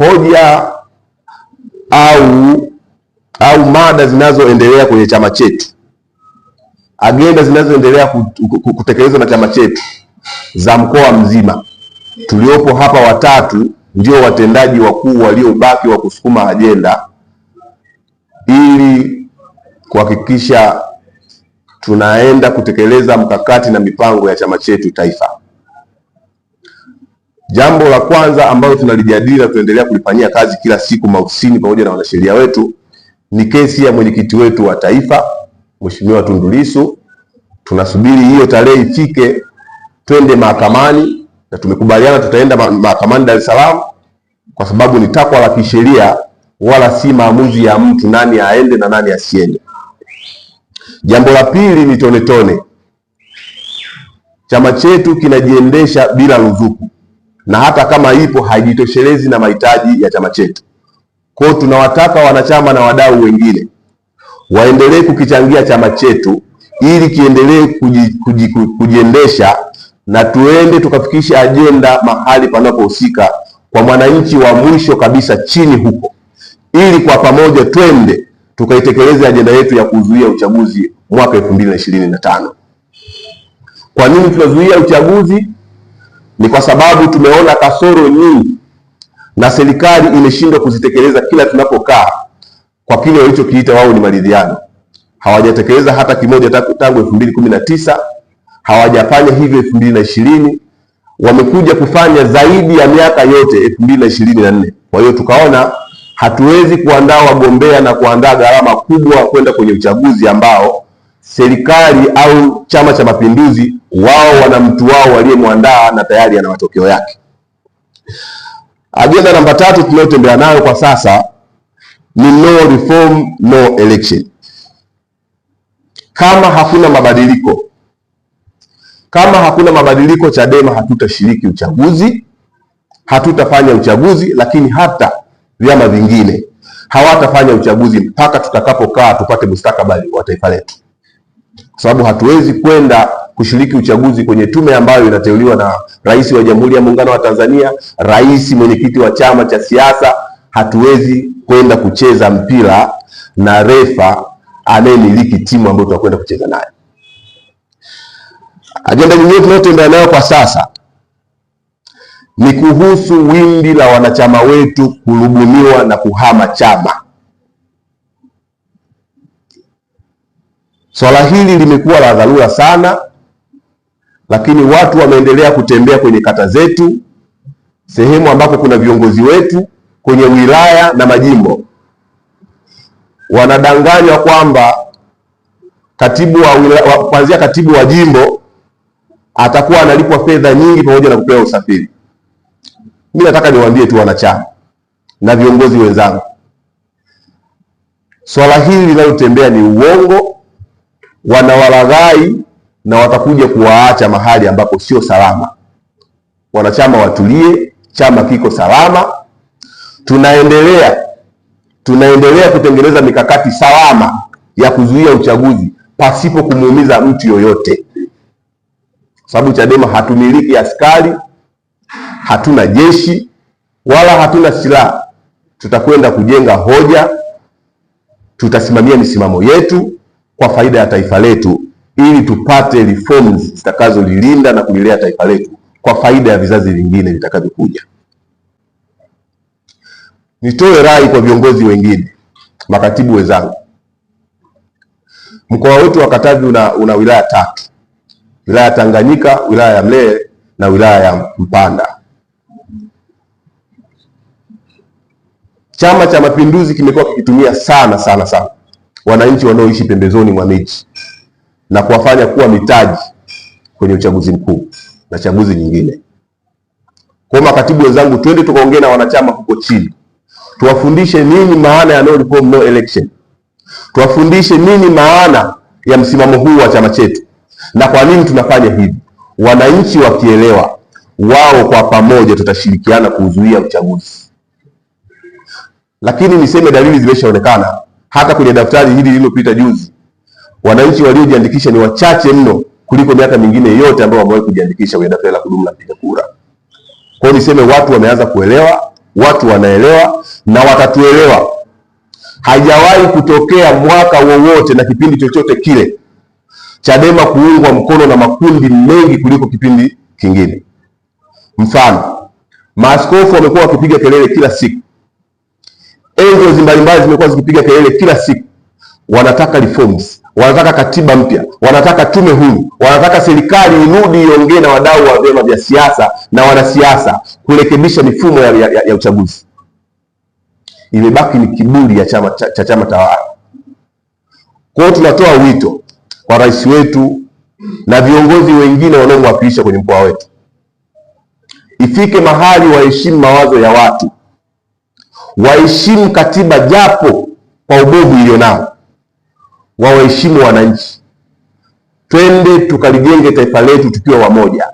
hoja au au mada zinazoendelea kwenye chama chetu, agenda zinazoendelea kutekelezwa na chama chetu za mkoa mzima. Tuliopo hapa watatu ndio watendaji wakuu waliobaki wa kusukuma ajenda ili kuhakikisha tunaenda kutekeleza mkakati na mipango ya chama chetu taifa. Jambo la kwanza ambalo tunalijadili na tunaendelea kulifanyia kazi kila siku maofisini pamoja na wanasheria wetu ni kesi ya mwenyekiti wetu wa taifa Mheshimiwa Tundu Lissu. Tunasubiri hiyo tarehe ifike twende mahakamani, na tumekubaliana tutaenda mahakamani Dar es Salaam kwa sababu ni takwa la kisheria, wala si maamuzi ya mtu nani aende na nani asiende. Jambo la pili ni tonetone. Chama chetu kinajiendesha bila ruzuku na hata kama ipo haijitoshelezi na mahitaji ya chama chetu. Kwa hiyo tunawataka wanachama na wadau wengine waendelee kukichangia chama chetu ili kiendelee kuji, kuji, kujiendesha na tuende tukafikisha ajenda mahali panapohusika kwa mwananchi wa mwisho kabisa chini huko, ili kwa pamoja twende tukaitekeleze ajenda yetu ya kuzuia uchaguzi mwaka 2025. Kwa nini tunazuia uchaguzi? ni kwa sababu tumeona kasoro nyingi na serikali imeshindwa kuzitekeleza kila tunapokaa, kwa kile walichokiita wao ni maridhiano. Hawajatekeleza hata kimoja tangu 2019, hawajafanya hivyo 2020, wamekuja kufanya zaidi ya miaka yote 2024. Kwa hiyo tukaona hatuwezi kuandaa wagombea na kuandaa gharama kubwa kwenda kwenye uchaguzi ambao serikali au Chama cha Mapinduzi, wao wana mtu wao waliyemwandaa na tayari ana matokeo yake. Ajenda namba tatu tunayotembea nayo kwa sasa ni no reform, no election. Kama hakuna mabadiliko, kama hakuna mabadiliko, Chadema hatutashiriki uchaguzi, hatutafanya uchaguzi, lakini hata vyama vingine hawatafanya uchaguzi mpaka tutakapokaa tupate mustakabali wa taifa letu sababu hatuwezi kwenda kushiriki uchaguzi kwenye tume ambayo inateuliwa na rais wa Jamhuri ya Muungano wa Tanzania, rais mwenyekiti wa chama cha siasa. Hatuwezi kwenda kucheza mpira na refa anayemiliki timu ambayo tunakwenda kucheza nayo. Ajenda nyingine tunayotembea nayo kwa sasa ni kuhusu wimbi la wanachama wetu kurubuniwa na kuhama chama. Swala hili limekuwa la dharura sana, lakini watu wameendelea kutembea kwenye kata zetu, sehemu ambapo kuna viongozi wetu kwenye wilaya na majimbo, wanadanganywa kwamba katibu wa wilaya, kuanzia katibu wa jimbo atakuwa analipwa fedha nyingi pamoja na kupewa usafiri. Mimi nataka niwaambie tu wanachama na viongozi wenzangu, swala hili linalotembea ni uongo wanawalaghai na watakuja kuwaacha mahali ambapo sio salama. Wanachama watulie, chama kiko salama. Tunaendelea tunaendelea kutengeneza mikakati salama ya kuzuia uchaguzi pasipo kumuumiza mtu yoyote, sababu Chadema hatumiliki askari, hatuna jeshi wala hatuna silaha. Tutakwenda kujenga hoja, tutasimamia misimamo yetu kwa faida ya taifa letu ili tupate reforms zitakazolilinda na kulilea taifa letu kwa faida ya vizazi vingine vitakavyokuja. Nitoe rai kwa viongozi wengine, makatibu wenzangu, mkoa wetu wa Katavi una, una wilaya tatu: wilaya ya Tanganyika, wilaya ya Mlele na wilaya ya Mpanda. Chama cha Mapinduzi kimekuwa kikitumia sana sana sana wananchi wanaoishi pembezoni mwa miji na kuwafanya kuwa mitaji kwenye uchaguzi mkuu na chaguzi nyingine. Kwa makatibu wenzangu, twende tukaongee na wanachama huko chini, tuwafundishe nini maana ya no reform no election, tuwafundishe nini maana ya msimamo huu wa chama chetu na kwa nini tunafanya hivi. Wananchi wakielewa, wao kwa pamoja tutashirikiana kuzuia uchaguzi. Lakini niseme dalili zimeshaonekana hata kwenye daftari hili lililopita juzi wananchi waliojiandikisha ni wachache mno kuliko miaka mingine yote ambao wamewahi kujiandikisha kwenye daftari la kudumu la mpiga kura. Kwa hiyo niseme watu wameanza kuelewa, watu wanaelewa na watatuelewa. Haijawahi kutokea mwaka wowote na kipindi chochote kile Chadema kuungwa mkono na makundi mengi kuliko kipindi kingine. Mfano, maaskofu wamekuwa wakipiga kelele kila siku angels mbalimbali zimekuwa zikipiga kelele kila siku, wanataka reforms, wanataka katiba mpya, wanataka tume huru, wanataka serikali irudi iongee na wadau wa vyama vya siasa na wanasiasa kurekebisha mifumo ya, ya, ya uchaguzi. Imebaki ni kiburi ya chama cha, cha chama tawala. Kwa hiyo tunatoa wito kwa rais wetu na viongozi wengine wanaomwakilisha kwenye mkoa wetu, ifike mahali waheshimu mawazo ya watu waheshimu katiba japo kwa ubovu ilionao, wawaheshimu wananchi. Twende tukalijenge taifa letu tukiwa wamoja.